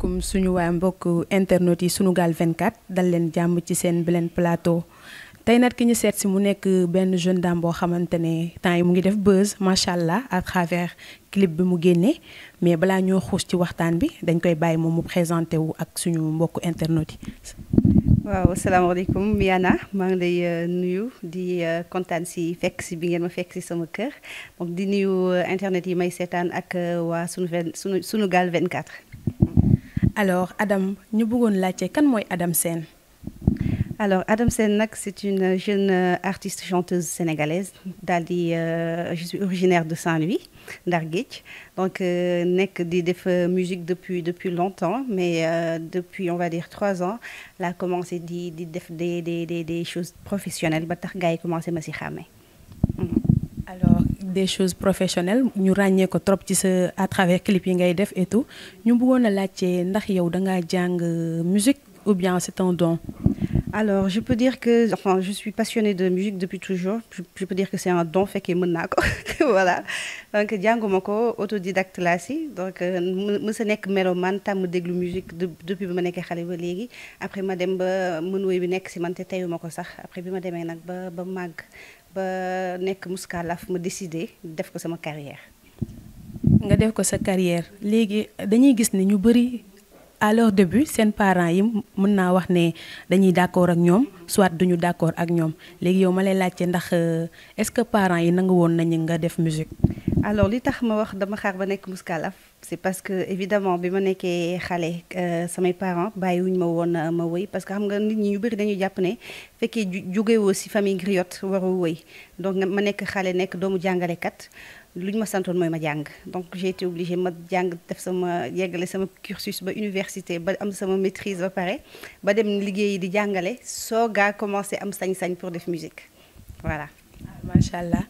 asalaamaaleykum suñu waa mbokk internet yi suñu Sunugal 24 dal leen jàmb ci seen beneen plateau tey nag ki ñu seet si mu nekk benn jeune dame boo xamante ne temps yi mu ngi def buzz macha allah à travers clip bi mu génnee mais balaa ñoo xuus ci waxtaan bi dañ koy bàyyi moom mu présenté wu ak suñu mbokk internet yi. waaw asalaamaaleykum Yana maa ngi lay euh, nuyu di euh, kontaan si fekk si bi ngeen ma fekk si sama kër donc di nuyu euh, internet yi may seetaan ak waa sunu sunu Sunugal 24. alors Adam ñu bëggoon laajte kan mooy Adam Sène alors Adam seen nag c'est une jeune euh, artiste chanteuse sénégalaise daal di euh, je suis originaire de Saint-Louis Ndar Géej donc euh, nekk di def musique depuis depuis longtemps mais depuis on va dire trois ans la commencé di di def des des des des choses professionnelles ba tax gars commencé ma si xàmmee alors des choses professionnelles ñu ràññee ko trop ci sa à travers clip yi ngay def et tout ñu bëggoon a laajte ndax yow da ngaa jàng euh, musique ou bien c'est un don. alors je peux dire que enfin je suis passionnée de musique depuis toujours je, je peux dire que c'est un don fekkee mën ko voilà donc jànguma ko autodidacte laa si donc euh, mu sa nekk melo mélomane tàmm déglu musique depuis bi ma nekkee xale ba léegi après ma dem ba mën woy bi nekk si man te teyuma ko sax après bi ma demee nag ba ba ba nekk Mouskalaf ma décidé def ko sama carrière. nga def ko sa carrière léegi dañuy gis ni ñu bëri à leur seen parents yi mën naa wax ne dañuy d'accord ak ñoom soit duñu d'accord ak ñoom léegi yow ma lay laajte ndax euh, est-ce que parents yi nangu woon nañu nga def musique. alors li tax ma wax dama xaar ba nekk Mouskalaf c'est parce que évidemment bi ma nekkee xale euh, samay parents bàyyiwuñ ma woon euh, ma woy parce que xam nga nit ñi ñu bëri dañuy jàpp ne fekkee jógewoo si famille griotte waru woy donc ma nekk xale nekk doomu jàngalekat lu ñu ma santoon mooy ma jàng donc j'ai été obligée ma jàng def sama yeggale sama cursus ba université ba am sama maitrise ba pare ba dem liggéeyi di jàngale soo gaa commencé am sañ-sañ pour def musique voilà ah, macha allah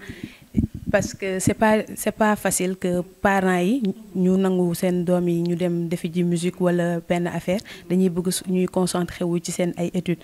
parce que c'est pas c'est pas facile que parent yi ñu nangu seen doom yi ñu dem defi ji musique walla benn affaire dañuy bëgg ñuy concentré wu ci seen ay études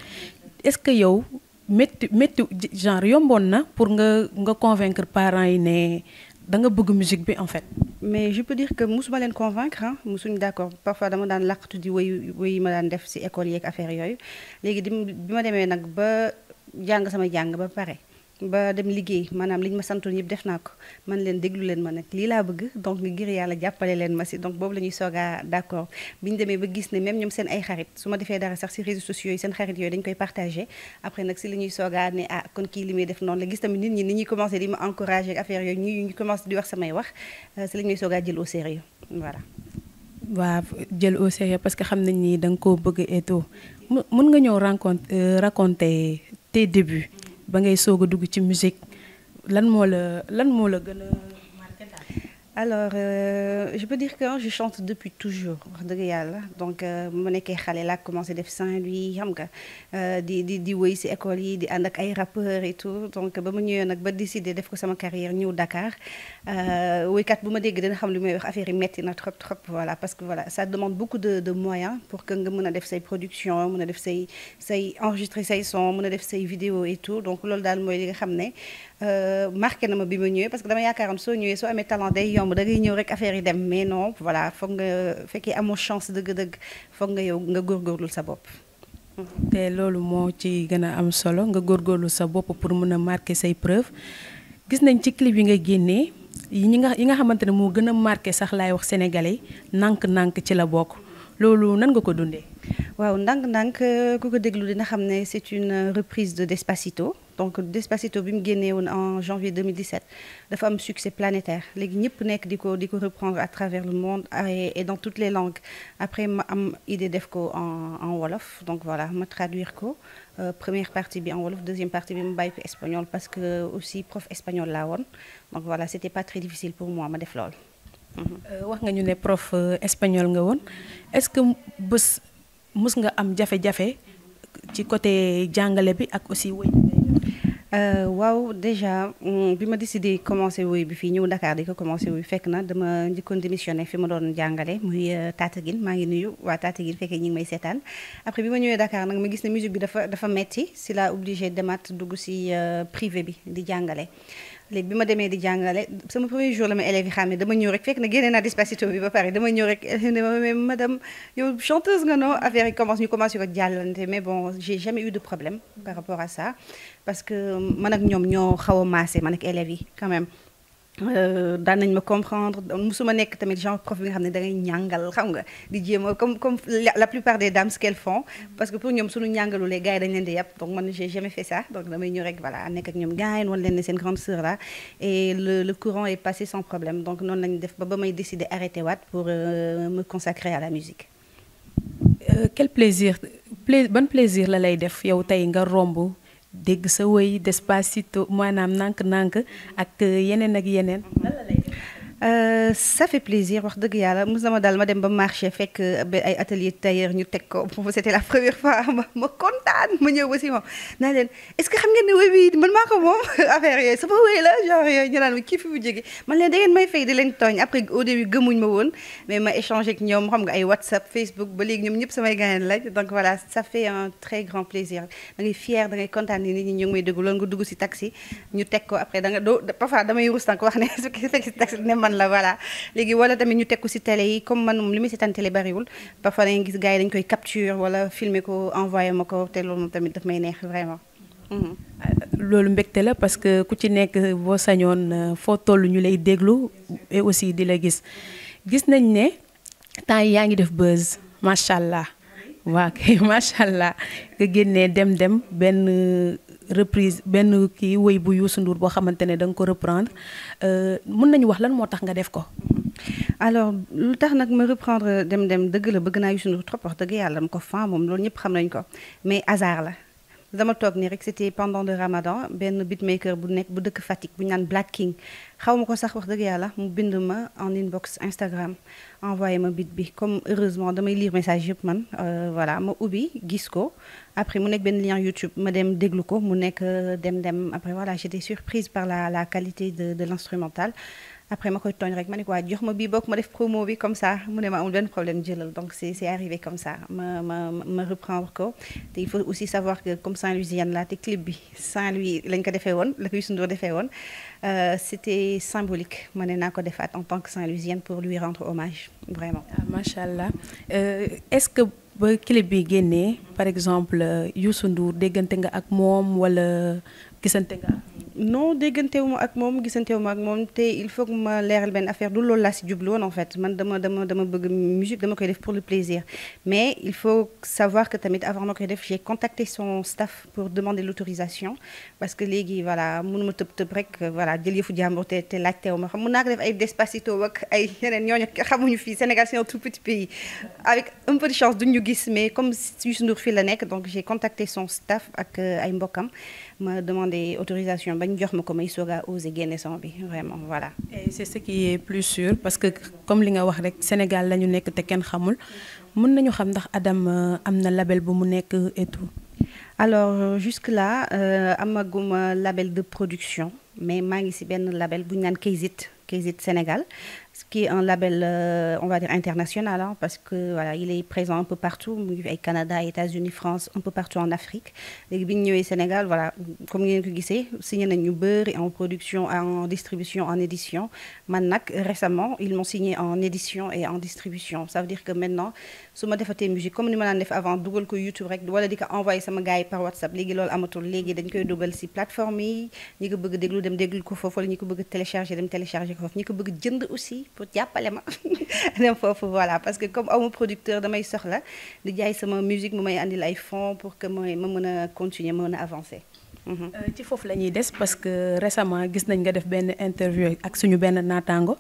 est-ce que yow métti métti genre yomboon na pour nga nga convaincre parent yi ne danga bëgg musique bi en fait. mais je peux dire que musuma leen convaincre ah musuñu d'accord parfois dama daan laqatu di wéyu yi ma daan def ci école yeeg affaire yooyu léegi di bi ma demee nag ba jàng sama jàng ba pare. ba dem liggéey maanaam liñ ma santoon yëpp def naa ko man leen déglu leen ma nag lii laa bëgg donc ngir yàlla jàppale leen ma si donc boobu la ñuy sooga d'accord bi ñu demee ba gis ne même ñoom seen ay xarit su ma defee dara sax si réseaux sociaux yi seen xarit yooyu dañ koy partagé après nag si la ñuy ne ah kon kii li muy def noonu la gis tamit nit ñi ni ñuy commencé di ma encouragé ak affaire yooyu ñuy ñu commencé di wax samay wax euh, si la parce que xam nañ ni da nga koo bëgg et tout mën nga ñëw rencontre euh, raconter tes débuts ba ngay soog a dugg ci musique lan moo la lan moo la gën a alors euh, je peux dire que je chante depuis toujours wax dëgg yàlla donc mu euh, nekkee xale laa commencé def Saint-Louis xam nga euh, di di di wéy si école yi di ànd ak ay rappeurs et tout donc ba ma ñëwee nag ba décidé def ko sama carrière ñëw Dakar wéykat bu ma dégg dina xam li may wax affaire yi metti na trop trop voilà parce que voilà ça demande beaucoup de de moyens pour que nga mën a def say production mun a def say say enregistrer say son mun a def say vidéo et li nga xam ne Euh, marqué na ma bi ma ñëwee parce que dama yaakaaroon soo ñëwee soo amee talent day yomb da ñëw rek affaire yi dem mais non voilà foog nga fekkee amoo chance dëgg-dëgg foog nga yow nga góorgóorlu sa bopp. te loolu moo ci gën a am solo nga góor góorgóorlu sa bopp pour mën a marqué say preuve gis nañ ci clip yi nga génnee yi ñi nga yi nga xamante ne moo gën a marqué sax laay wax sénégalais nànk-nànk ci la bokk loolu nan nga ko dundee. waaw ndànk-ndànk ku ko déglu dina xam ne c'est reprise de Despacito. donc Despacito bi mu génnee woon en janvier 2017 dafa am succès planétaire léegi ñëpp nekk di ko di ko reprendre à travers le monde et dans toutes les langues après ma am idée def ko en en wolof donc voilà ma traduire ko euh, première partie bi en wolof deuxième partie bi mu bàyyi ko espagnol parce que aussi prof espagnol laa woon donc voilà c'était pas très difficile pour moi ma def lool. Mhm. Euh, wax nga ñu ne prof euh, espagnol nga woon est-ce que bés mus nga am jafe-jafe ci côté jàngale bi ak aussi wéy. Euh, waaw déjà mm, bi ma décidé commencé woy bi fii ñëw Dakar di ko commencé woy fekk na dama njëkkoon démissionné fi ma doon jàngale muy euh, Tataguine maa ngi nuyu waa Tataguine fekkee ñu may seetaan après bi ma ñëwee Dakar nag ma gis ne musique bi dafa dafa metti si la obligé demaat dugg si euh, privé bi di jàngale léegi bi ma demee di jàngale sama premier jour la ma élèves yi xam dama ñëw rek fekk na génne naa Despacito bi ba pare dama ñëw rek ne ma madame yow chanteuse nga non affaire yi commence ñu commencé ko jàllante mais bon j'ai jamais eu de problème par rapport à ça parce que euh, man ak ñoom ñoo xaw a maase man ak élèves yi quand même Euh, daan nañ ma comprendre musuma nekk tamit genre prof bi nga xam ne da ngay ñàngal xam nga di jéem a comme comme la plupart des dames ce font mm-hmm. parce que pour ñoom suñu ñàngalu les gars yi dañ leen di yàpp donc man j'ai jamais fait ça donc damay ñëw rek voilà nekk ak ñoom gars yi wan leen ne seen grande sœur là et le le courant est passé sans problème donc noonu lañ def ba ba may décider arrêté waat pour euh, me consacrer à la musique euh, quel plaisir ban plaisir la lay def yow tey nga romb dégg sa woy Despacito maanaam nànk-nànk ak yeneen ak yeneen. Euh, ça fait plaisir wax dëgg yàlla mos sama ma daal ma dem ba marché fekk euh, ay atelier tailleur ñu teg ko ma kontaan ma ñëw ba si moom naa leen est-ce que xam ngeen ne wéy bi man maa ko moom affaire yooyu sama wéy la genre yooyu ñu naan ma kii fi mu jóge man leen da may fay di leen tooñ après au début gëmuñ ma woon mais ma échangé ak ñoom xam nga ay WhatsApp Facebook ba léegi ñoom ñëpp samay gaañal lañ donc voilà ça fait un très grand plaisir da fier man la voilà léegi wala tamit ñu teg ko si télé yi comme man moom li muy seetaan télé bariwul parfois da nga gis gars yi dañ koy capture wala filmer ko envoyé ma ko te loolu moom tamit daf may neex vraiment. Mhm. loolu mbégte la parce que ku ci nekk boo sañoon euh, foo toll ñu lay déglu et aussi di la gis gis nañ ne temps yi yaa ngi def buzz macha allah waa kay macha allah nga génnee dem dem benn. reprise benn kii woy bu Youssou Ndour boo xamante ne da nga ko reprendre euh, mun nañu wax lan moo tax nga def ko. alors lu tax nag ma reprendre dem dem dëgg la bëgg naa Youssou Ndour trop wax dëgg yàlla mu ko fan moom loolu ñëpp xam nañ ko mais hasard la. dama toog nii rek c'était pendant le ramadan benn beatmaker bu nekk bu dëkk Fatick bu ñu naan Black King xaw ma ko sax wax dëgg yàlla mu bind ma en inbox Instagram envoyé ma beat bi comme heureusement damay lire message yëpp man euh, voilà ma ubbi gis ko après mu nekk benn lien YouTube ma dem déglu ko mu nekk euh, dem dem après voilà j'étais surprise par la la qualité de de l'instrumental après ma koy tooñ rek ma ne ko waa jox ma bii bokk ma def promo bi comme ça mu ne ma amul benn problème jëlal donc c'est c'est comme ça ma ma ma reprendre ko te il faut aussi savoir que comme Saint-Louisienne laa te clip bi Saint-Louis lañ ko defee woon la ko Youssou Ndour defee woon euh, c'était symbolique ma ne naa ko defaat en tant que Saint-Louisienne pour lui rendre hommage vraiment. Ah, macha allah euh, est-ce que ba clip bi génnee par exemple euh, Youssou Ndour déggante nga ak moom wala gisante nga. non déggantewu ma ak moom gisantewu ma ak moom te il faut ma leeral benn affaire du loolu laa si jublu woon en fait man dama dama dama bëgg musique dama koy def pour le plaisir mais il faut savoir que tamit avant ma koy def j'ai contacté son staff pour demander l'autorisation parce que léegi voilà ma tëb tëb rek voilà jël yëfu jàmbur te te laajtewu ma xam mun naa ko def ay Despacito ak ay yeneen ñooñu xamuñu fii Sénégal c'est un tout petit pays avec un gis mais comme Youssou Ndour fii la nekk donc j'ai contacté son staff ak euh, ay mbokkam ma demandé autorisation ba jox ma ko may soog a osé génne son bi vraiment voilà. et c'est ce qui est plus sûr parce que comme li nga wax rek Sénégal la ñu nekk te kenn xamul mun nañu xam ndax Adam euh, am na label bu mu nekk et tout. alors euh, jusque là euh, amaguma label de production mais maa ngi ci benn label bu ñu naan Kayzit Kayzit Sénégal. qui est un label, euh, international, parce que voilà, il est présent un peu partout, avec Canada, États-Unis, France, un peu partout en Afrique. Et Bignou et Sénégal, voilà, comme vous le savez, signé un beurre en production, en distribution, en édition. Maintenant, récemment, ils m'ont signé en édition et en distribution. Ça veut dire que maintenant, su ma defatee musique comme ni ma daan def avant dugal ko YouTube rek wala di ko envoyé sama gars yi par WhatsApp léegi loolu amatul koy dugal si ko bëgg déglu dem déglu ko foofu wala ñi ko bëgg téléchargé dem téléchargé ko foofu ko bëgg jënd aussi pour jàppale ma dem foofu voilà parce que comme amu producteur damay soxla di jaay sama musique mu may andil ay fonds pour que mooy ma mën a continuer ma mën a avancer. Mhm. Euh, ci foofu la ñuy des parce que récemment gis nañ nga def benn interview ak suñu benn naataango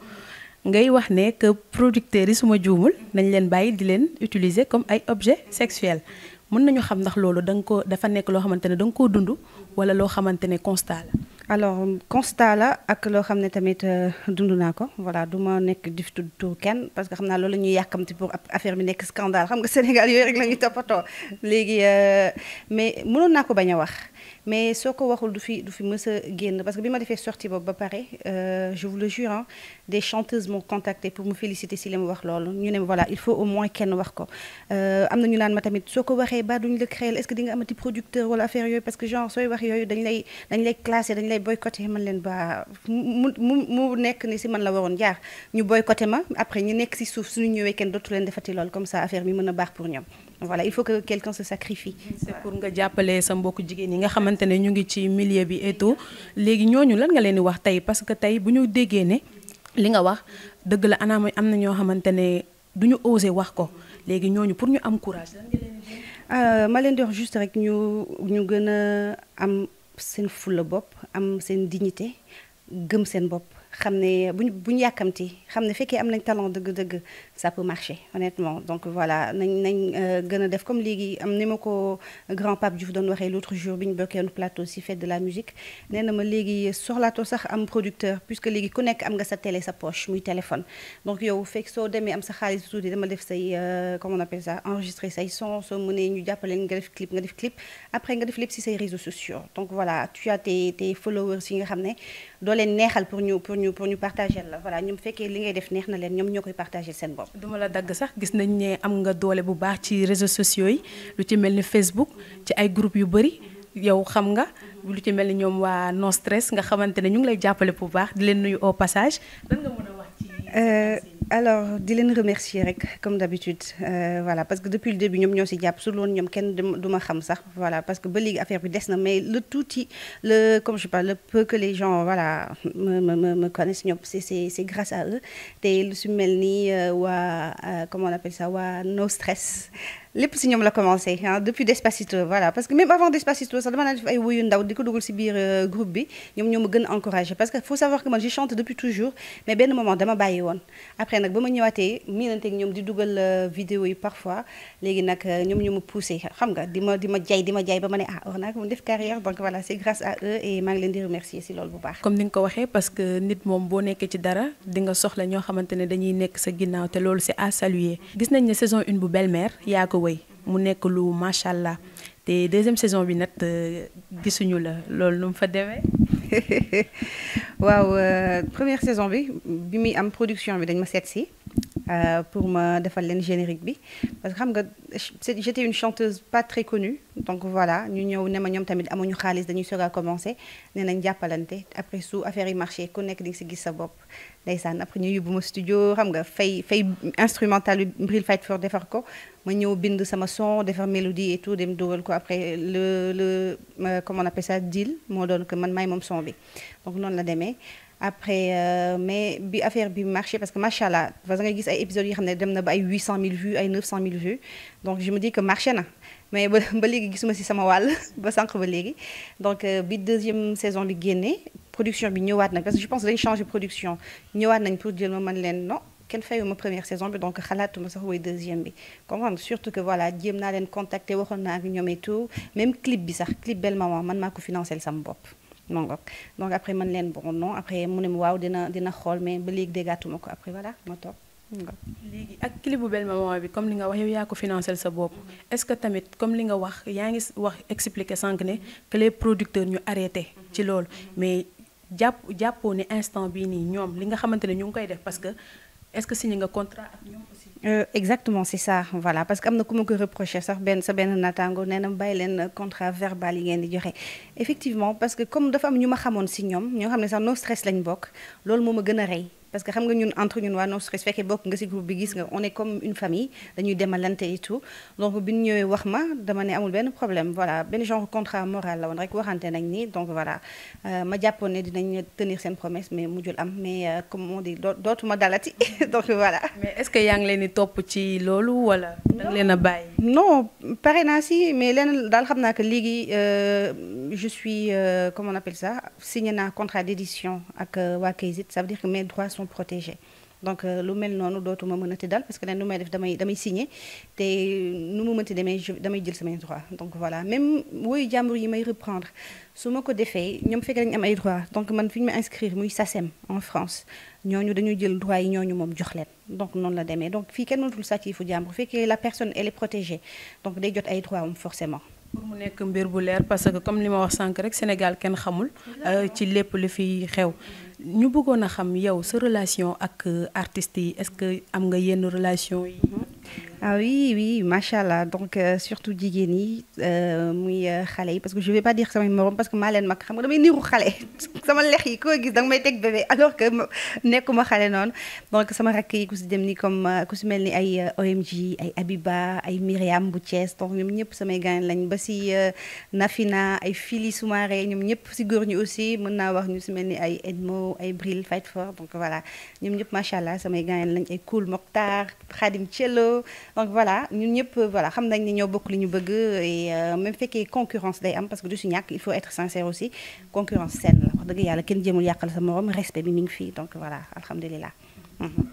ngay wax ne que producteurs yi suma juumul nañ leen bàyyi di leen utiliser comme ay objet sexuel mën nañu xam ndax loolu da nga ko dafa nekk loo xamante ne da nga koo dund wala loo xamante ne constat alors constat la ak loo xam ne tamit euh, dund naa ko voilà du ma nekk di fi tudd kenn parce que xam naa loolu la ñuy yàkkamti pour affaire bi nekk scandale xam nga Sénégal yooyu rek la ñuy toppatoo léegi euh, mais mënoon naa ko bañ a wax. mais soo ko waxul du fi du fi mës a génn parce que bi ma defee sortie boobu ba pare euh, je vous le jure hein, des chanteuses m'ont contacté pour me féliciter si li mu wax loolu ñu ne voilà il faut au moins kenn wax ko euh, am na ñu naan ma tamit soo ko waxee ba duñ la créer est-ce que di nga amati producteur wala affaire yooyu parce que genre sooy wax yooyu dañ lay dañ lay classé dañ lay boycotté man leen ba mu mu nekk ni si man la waroon jaar ñu boycotté ma après ñu nekk si suuf suñu ñëwee kenn dootu leen defati loolu comme ça affaire bi a baax pour ñoom voilà il faut que quelqu'un se sacrifie. c'est pour nga jàppale sa mbokk jigéen yi nga xamante ne ñu ngi ci milieu bi et tout léegi ñooñu lan nga leen di wax tey parce que tey bu ñu déggee ne li nga wax dëgg la anaam am na ñoo xamante ne du ñu oser wax ko léegi ñooñu pour ñu am courage. Euh, ma leen di wax juste rek ñu ñu gën a am seen fulla bopp am seen dignité gëm seen bopp xam ne bu buñ buñ yàkkamti xam ne fekkee am nañ talent dëgg-dëgg sa peut marcher honnêtement donc voilà nañ nañ euh, gën a def comme léegi am ni ma ko grand pape Diouf doon waxee l'autre jour bi ñu bokkeen plateau si fête de la musique nee ma léegi soxlaatoo sax am producteur puisque léegi ku nekk am nga sa télé sa poche muy téléphone donc yow fekk soo demee am sa xaalis tuuti dama def say euh, comment on appelle ça enregistrer say son soo mënee ñu jàppaleen nga def clip nga def clip après nga def lépp si say réseaux sociaux waaw duma la dagg sax gis nañ ne am nga doole bu baax ci réseaux sociaux yi lu ci mel ni Facebook ci ay groupe yu bëri yow xam nga lu ci mel ni ñoom waa non stress nga xamante ne ñu ngi lay jàppale bu baax di leen nuyu au passage alors di leen remercier rek comme d'habitude euh, voilà parce que depuis le début ñoom ñoo si jàpp su loon ñoom kenn du ma xam sax voilà parce que ba léegi affaire bi des na mais le tuuti le comme je parle que les gens voilà me me connaissent ñoom c'est grâce à eux te lu si ni euh, waa euh, si ñoom la commencé ah depuis Despacito voilà parce que même avant Despacito sax dama naan def ay wuyu ndaw di ko dugal si euh, groupe bi ñoom ñoo ma gën parce que faut savoir que man je chante depuis après nag ba ma ñëwaatee miinanteeg ñoom di dugal euh, vidéo yi parfois léegi nag euh, ñoom ñu ma poussé xam nga di ma di ma jaay di ma jaay ba ma ne ah war naa ko def carrière donc voilà c'est grâce à eux et maa ngi leen di remercier si loolu bu baax. comme ni nga ko waxee parce que nit moom boo nekkee ci dara dinga nga soxla ñoo xamante ne dañuy nekk sa ginnaaw te loolu c'est à saluer. gis nañ ne saison une bu belle-mère yaa ko wëy mu nekk lu macha allah te deuxième saison bi nag euh, gisuñu la loolu nu mu fa demee. waaw euh, première saison bi bi muy am production bi dañ ma seet si euh, pour ma defal leen générique bi parce que xam nga j'étais une chanteuse pas très connue donc voilà ñu ñëw ne ma ñoom tamit amuñu xaalis dañuy soog a commencé nee nañ jàppalante après su affaire yi marché ku nekk di nga si gis sa bopp ndeysaan après ñu yóbbu ma studio xam nga fay fay instrumental bi Bril Fight for defar ko ma ñëw bind sama son defar mélodie et tout dem dugal ko après le le euh, on appelle ça deal moo doon que man maay moom son bi donc noonu la demee après euh, mais bi affaire bi marché parce que macha allah parce que gis ay épisodes yi xam ne dem na ba ay 800000 vues ay 900000 vues donc je me dis que marché na mais ba ba léegi gisuma si sama wàll ba sànq ba léegi donc euh, bi deuxième saison bi génnee production bi ñëwaat na parce que je pense nañ pour jël ma man leen non. kenn fayuma première saison bi donc xalaatuma sax way deuxième bi comprendre surtout que voilà jéem naa leen contacter waxoon naa ak ñoom tout même clip bi sax clip belle maman man maa ko financé sama bopp donc donc après man leen bon non après mu ne ma waaw dina dina xool mais ba léegi déggaatuma ko après voilà ma toog léegi ak clip bu bi comme li nga wax yow yaa ko financé sa bopp mhm. est-ce que tamit comme li nga wax yaa ngi wax expliquer sànq ne que producteur ñu arrêté mhm. ci loolu mhm. mais jàpp jàppoo ne instant bii nii ñoom li nga xamante ne ñu ngi koy def parce que est-ce que signé nga contrat ak ñoom aussi. Euh, exactement c'est ça voilà parce que am na ku ma ko reproché sax benn sa benn naataango nee na bàyyi leen contrat verbal yi ngeen di joxe effectivement parce que comme dafa am ñu ma xamoon si ñoom ñoo xam ne sax no stress lañ bokk loolu moo ma gën a rey. parce que xam nga ñun entre ñun waa non stress fekkee bokk nga ci groupe bi gis nga on est comme une famille dañuy demalante et tout donc bi ñu ñëwee wax ma dama ne amul benn problème voilà benn genre contrat moral la woon rek waxante nañ ni donc voilà euh, ma jàppoon ne dinañ tenir seen promesse mais mu mujjul am mais euh, comme on dit dootuma dalati donc voilà. mais est-ce que yaa ngi leen di topp ci loolu wala. da leen a bàyyi. non pare naa si mais leen daal xam naa que léegi euh, je suis comment on appelle ça signé naa contrat d'édition ak waa mu protéger donc euh, lu mel noonu dootuma mënati dal parce que leen lu may def damay damay signé te nu mu mënti demee damay jël samay droit donc voilà même woyu jàmbur yi may reprendre su ma ko defee ñoom fekk dañu am ay droit donc man fi ñu ma inscrire muy SACEM en France ñooñu dañu jël droit yi ñooñu moom jox leen donc noonu la demee donc fii kenn mënatul sàcc yi fu jàmbur fekkee la personne elle est donc day jot ay droit am forcément pour mu nekk mbir bu leer parce que comme li ma wax sànq rek Sénégal kenn xamul euh, ci lépp li fi xew ñu bëggoon a xam yow sa relation ak euh, artistes yi est-ce que am nga yenn relation yi ah oui oui macha allah donc euh, surtout jigéen yi euh, muy euh, xale yi parce que je vais pas dire samay morom parce que maa mag xam nga damay niiru xale sama lex yi koo gis danga may teg bébé alors que nekkuma xale noonu donc sama rakk yi ku si dem ni comme ku si mel ni ay OMG ay Abiba ay Myriam bu Thiès donc ñoom ñëpp samay gan lañ ba si Nafina ay Fili Soumaré ñoom ñëpp si góor ñi aussi mën naa wax ñu si mel ni ay Edmo ay Bril Fight Fort donc voilà ñoom ñëpp macha allah samay gan lañ ay donc voilà ñun ñëpp voilà xam nañ ni ñoo bokk li ñu bëgg et euh, même fekkee concurrence day am parce que du si ñàkk il faut être sincère aussi concurrence saine la wax dëgg yàlla kenn jéemul yàqal sa morom respect bi mu ngi fii donc voilà alhamdulilah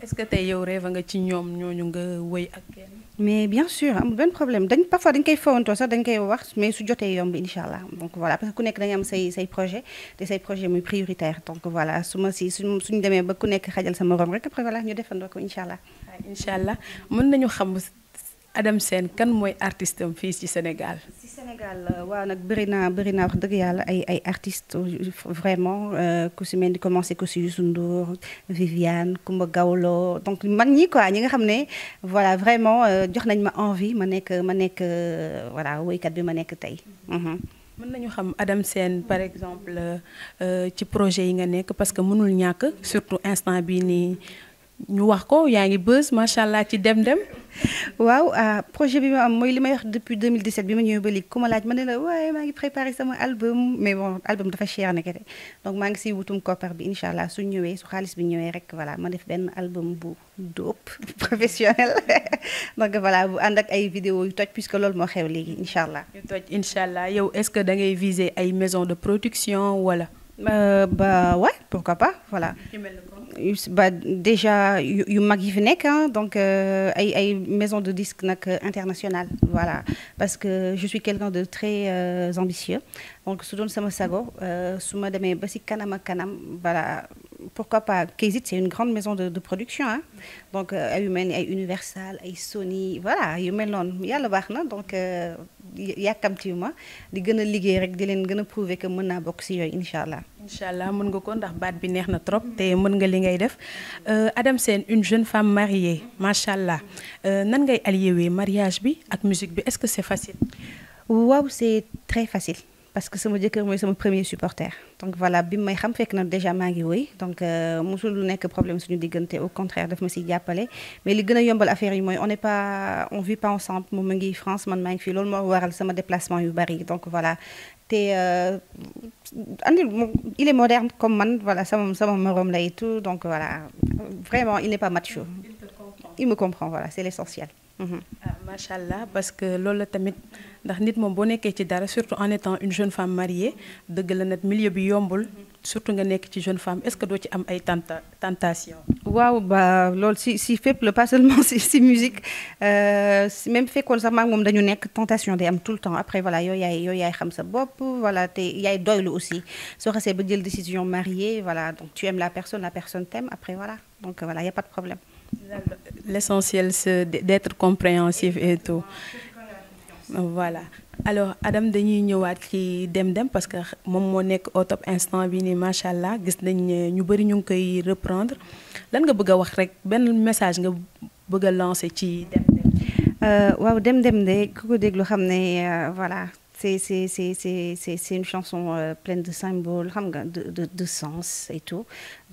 est-ce que tey yow rêve nga ci ñoom ñooñu nga wëy ak kenn. mais bien sûr amul benn problème dañ parfois dañ koy fawantoo sax dañ koy wax mais su jotee yomb incha allah donc voilà parce que ku nekk da am say say projet te say projet muy prioritaire donc voilà su ma si suñ suñu demee ba ku nekk xajal sama morom rek après voilà ñu defandoo ko incha allah. incha allah mën nañu xam Adam Sène kan mooy artiste am fii ci Sénégal. ci Sénégal euh, waaw nag bëri naa bëri naa wax dëgg yàlla ay ay artistes euh, vraiment euh, ku si mel ni commencé ko si Youssou Viviane Coumba Gawlo donc man ñi quoi ñi nga xam ne voilà vraiment jox nañ ma envie ma nekk ma nekk voilà woykat bi ma nekk tey. Mhm. mën nañu xam Adam Sène par exemple ci projet yi nga nekk parce que mënul ñàkk surtout instant bii nii. ñu wax ko yaa ngi bës macha allah ci dem-dem. waaw ah, projet bi ma am mooy li may wax depuis 2017 bi ma ñëwee ba léegi ku ma laaj ma ne la waaye maa ngi préparé sama album mais bon album dafa cher nekkete donc maa ngi siy wutum koppar bi incha allah su ñëwee su xaalis bi ñëwee rek voilà ma def benn album bu dope professionnel donc voilà bu ànd ak ay vidéo yu toj puisque loolu moo xew léegi incha allah. yu toj incha allah yow est-ce que da ngay viser ay maison de production wala. Euh, ba ouais pourquoi pas ba déjà yu yu mag yi fi nekk ah donc euh, ay ay maison de disque nag euh, internationale voilà parce que je suis quelqu'un de très euh, ambitieux donc su doon sama sago su ma demee ba si kanam ak kanam voilà pourquoi pas Kaysit c'est une grande maison de, de production ah donc ay yu mel ni ay Universal ay Sony voilà yu mel noonu yàlla baax na donc euh, yàkkamtiwuma di gën a liggéey rek di leen gën a prouver mën naa bokk si yooyu incha allah. incha allah mën nga ko ndax baat bi neex na trop te mën nga li ngay def euh, Adam Sène une jeune femme mariée macha allah euh, nan ngay allier mariage bi ak musique bi est-ce que c'est facile. waaw c'est très facile. parce que sama jëkkër mooy sama premier supporter donc voilà bi may xam fekk na déjà maa ngi woy donc euh, mosul lu nekk problème suñu diggante au contraire daf ma siy jàppale mais li gën a yombal affaire yi mooy on est pas on vit pas ensemble moom ma ngi France man maa ngi fii loolu moo waral sama déplacement yu bari donc voilà te euh, andil il est moderne comme man voilà sama sama morom la tout donc voilà vraiment il n'est pas macho il me comprend voilà c'est l'essentiel Ah, macha allah parce que loolu la tamit ndax nit moom boo nekkee ci dara surtout en étant une jeune femme mariée dëgg la nag milieu bi yombul surtout nga nekk ci jeune femme est-ce que doo ci am ay tenta tentation waaw ba loolu si si fépp la pas seulement si si musique euh, même fekkoon sax maag moom dañu nekk tentation day am tout le temps après voilà yow yaay yow yaay xam sa bopp voilà te yaay doylu aussi soo xasee ba jël décision mariée voilà donc tu aimes la personne la personne t'aime après voilà donc voilà y a l'essentiel c'est d'être compréhensif et tout voilà alors Adam dañuy ñëwaat ci Dem Dem parce que moom moo nekk au instant bi nii macha allah gis nañ ñu bëri ñu ngi koy reprendre lan nga bëgg a wax rek benn message nga bëgg a lancer ci Dem Dem. Euh, waaw Dem Dem de ku ko déglu xam ne euh, voilà. c'est c'est c'est c'est c'est c'est une chanson euh, pleine de symboles xam nga de de de sens et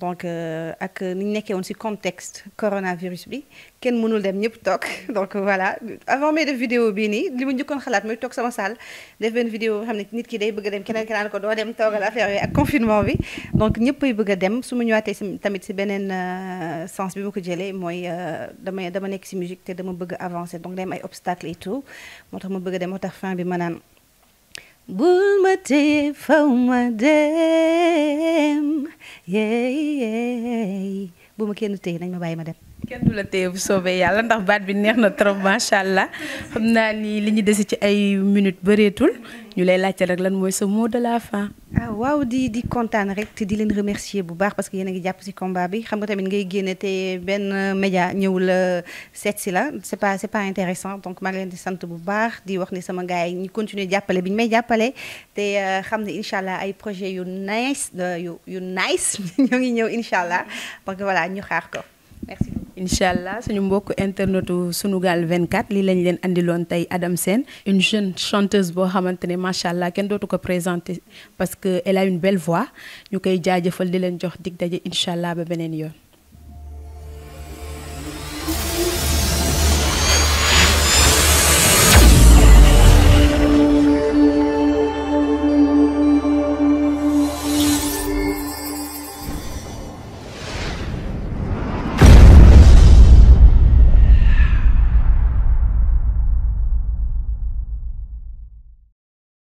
donc euh, ak ni ñu nekkee woon ci contexte coronavirus bi kenn mënul dem ñëpp toog donc voilà avant may def vidéo bii nii li ma njëkkoon xalaat mooy toog sama salle def benn vidéo boo xam ne nit ki day bëgg dem keneen kenaan ko doo dem toogal affaire yooyu ak confinement bi donc ñëpp ay bëgg a dem su ma ñëwaatee ci tamit si beneen euh, sens bi ma ko jëlee mooy dama dama nekk ci musique te dama bëgg avancer donc day am ay obstacles moo tax ma bëgg a tax fin bi ma naan bu ma téye faw ma dem yey bu ma kenn téye nañ ma bàyyi ma dem kenn du la téye soobee yàlla ndax baat bi neex na trop macha allah xam naa ni li ñu dese ci ay minutes bëreetul ñu lay laajte rek lan mooy sa mot de la fin. Ah, waaw di di kontaan rek te di leen remercier bu baax parce que yéen ngi jàpp ci combat bi xam nga tamit ngay génne te benn média ñëw la seet si la c'est pas c'est pas intéressant donc maa ngi leen di sant bu baax di wax ni sama gars yi ñu continuer jàppale bi ñu may jàppale te euh, xam ne incha allah ay projet yu nice euh, yu yu nice ngi ñëw incha allah parce que ñu xaar ko. incha allah suñu mbokk internetu Sunugal 24 lii lañ leen indiloon tey Adam Sène une jeune chanteuse boo xamante ne macha allah kenn dootu ko présenter parce que elle a une belle voix ñu koy jaajëfal di leen jox dig daje incha allah ba beneen yoon.